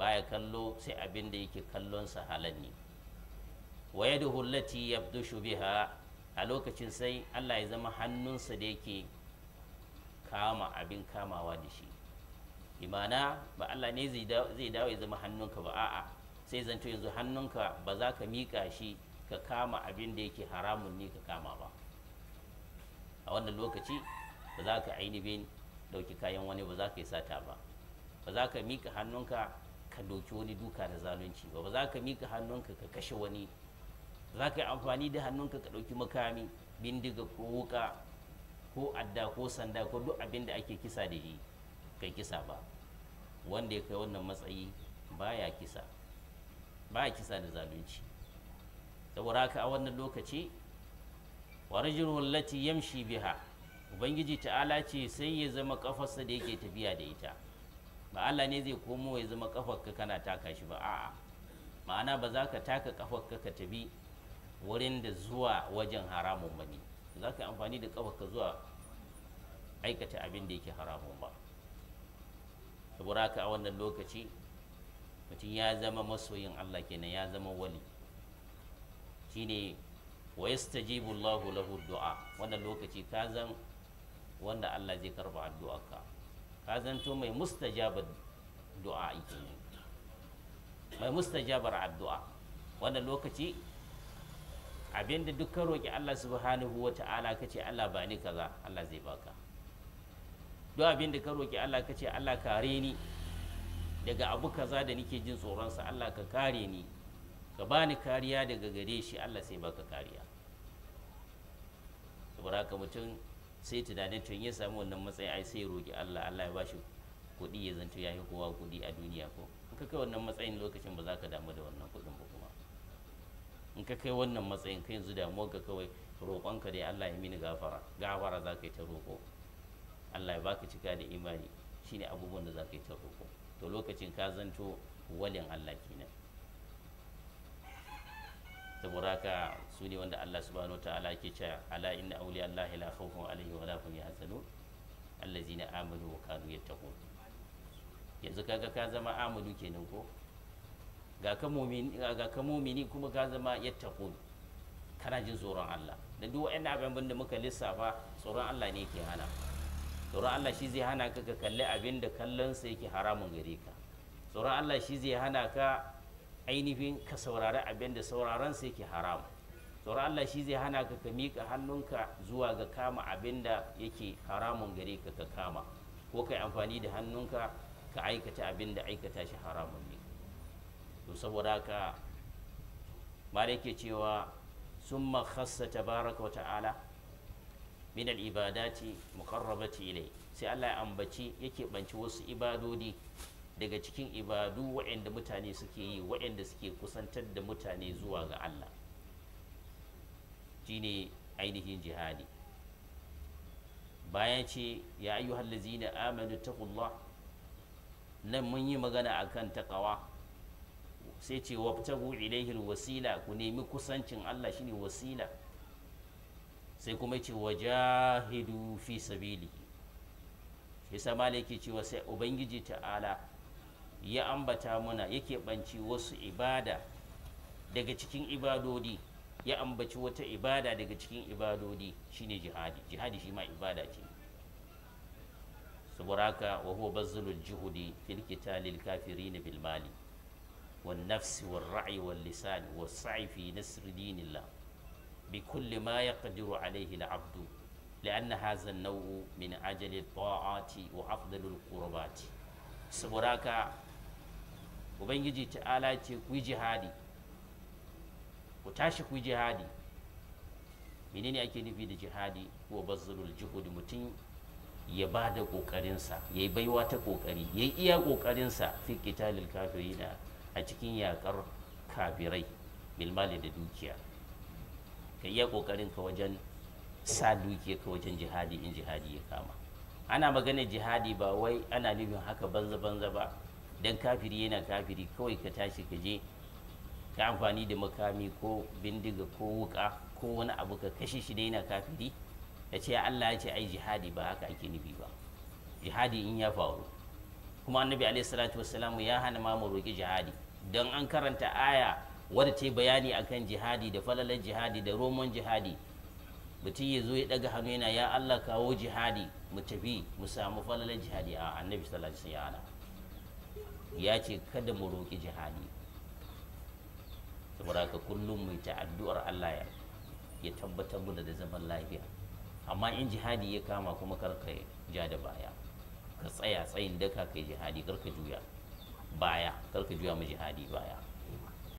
baya kallo sai abin da yake kallonsa halal ne wa yaduhu allati yabdushu biha a lokacin sai Allah ya zama hannunsa da yake kama abin kamawa da shi imana ba Allah ne zai dawo ya zama hannunka ba a'a sai zanto yanzu hannunka ba za ka miƙa shi ka kama abin da yake haramun ne ka kama ba a wannan lokaci ba za ka ainihin dauki kayan wani ba za ka yi sata ba ba za ka miƙa hannunka ka doki wani duka da zalunci ba za ka mika hannunka ka kashe wani za ka yi amfani da hannunka ka ɗauki makami bindiga ko wuka ko adda ko sanda ko duk abin da ake kisa da shi ka kisa ba wanda ya kai wannan matsayi baya kisa Ba ya kisa da zalunci saboda haka a wannan lokaci wa rajulun lati yamshi biha ubangiji ta'ala ce sai ya zama kafarsa da yake tafiya da ita ba Allah ne zai komo ya zama ka kana taka shi ba a'a ma'ana ba za ka taka kafarka ka tabi wurin da zuwa wajen haramun ba ne za ka amfani da kafarka zuwa aikata abin da yake haramun ba saboda haka a wannan lokaci mutum ya zama masoyin Allah kenan ya zama wali shine wa yastajibu Allahu lahu du'a wannan lokaci ka zan wanda Allah zai karba addu'arka ka zanto mai mustajabar du'a mai mustajabar addu'a wannan lokaci abinda dukkan roƙi Allah subhanahu wa ta'ala ka ce Allah ba ni kaza Allah zai baka duk abinda ka roƙi Allah ka ce Allah kare ni daga abu kaza da nike jin tsoronsa Allah ka kare ni ka bani kariya daga gare shi Allah sai baka kariya saboda haka mutum sai tunanin tun ya samu wannan matsayi ai sai roƙi Allah Allah ya bashi kuɗi ya zanto ya yi kowa kuɗi a duniya ko in ka kai wannan matsayin lokacin ba za ka damu da wannan kuɗin ba kuma in ka kai wannan matsayin ka yanzu damuwar ka kawai roƙonka dai Allah ya mini gafara gafara za ka yi ta roƙo Allah ya baka cika da imani shine abubuwan da za ka yi ta roƙo to lokacin ka zanto walin Allah kenan saboda haka su ne wanda Allah subhanahu wa ta'ala ke cewa ala inna awliya Allah la khawfun alaihim wa la hum yahzanun allazina amanu wa kanu yattaqun yanzu kaga ka zama amanu kenan ko ga ka mu'mini ga ka mu'mini kuma ka zama yattaqun kana jin tsoron Allah da duk wa'annan abin da muka lissafa tsoron Allah ne ke hana tsoron Allah shi zai hana ka ka kalli abin da kallon sa yake haramun gare ka tsoron Allah shi zai hana ka ainihin ka saurari abin da sauraron sai ke haramu tsoron Allah shi zai hana ka ka miƙa hannunka zuwa ga kama abin da yake haramun gare ka ka kama ko ka yi amfani da hannunka ka aikata abin da aikata shi haramun ne to saboda ma da yake cewa sun makhassa tabaraka wa ta'ala min al-ibadati muqarrabati ilai sai Allah ya ambaci yake banci wasu ibadodi daga cikin ibadu waɗanda mutane suke yi waɗanda suke kusantar da mutane zuwa ga Allah shine ainihin jihadi bayan ce ya ayyuhal ladzina ta taqullah nan mun yi magana akan taqawa sai ce wabtagu ilaihi wasila ku nemi kusancin Allah shine wasila sai kuma ce wajahidu fi sabili shi ma da ke cewa sai ubangiji ta'ala ya ambata muna yake banci wasu ibada daga cikin ibadodi ya ambaci wata ibada daga cikin ibadodi shine jihadi jihadi shi ma ibada ce saboda haka wa huwa bazzulul juhudi fil qitalil kafirin bil mali wan nafsi wal ra'i wal lisan was sa'i fi nasr dinillah bi kulli ma yaqdiru alayhi al abdu لأن هذا النوع من أجل الطاعات وأفضل القربات saboda haka ubangiji ta'ala ce ku yi jihadi ku tashi ku yi jihadi menene ake nufi da jihadi ko bazzalul juhud mutum ya ba da kokarinsa ya yi baiwa ta kokari ya yi iya kokarinsa fi qitalil kafirina a cikin yakar kafirai bil da dukiya ka iya kokarin ka wajen sa dukiya ka wajen jihadi in jihadi ya kama ana magana jihadi ba wai ana nufin haka banza banza ba dan kafiri yana kafiri kawai ka tashi ka je ka amfani da makami ko bindiga ko wuka ko wani abu ka kashe shi da yana kafiri ka ce Allah ya ce ai jihadi ba haka ake nufi ba jihadi in ya faru kuma annabi alaihi salatu wassalam ya hana ma mu roki jihadi dan an karanta aya wadda ta bayani akan jihadi da falalar jihadi da roman jihadi mutum ya zo ya daga hannu yana ya Allah kawo jihadi mu tafi mu samu falalar jihadi a annabi sallallahu alaihi wasallam ya ce kada mu roƙi jihadi saboda ka kullum mai ta addu'ar Allah ya tabbatar mu da zaman lafiya amma in jihadi ya kama kuma kar ka ja da baya ka tsaya tsayin daka kai jihadi kar ka juya baya kar ka juya mu jihadi baya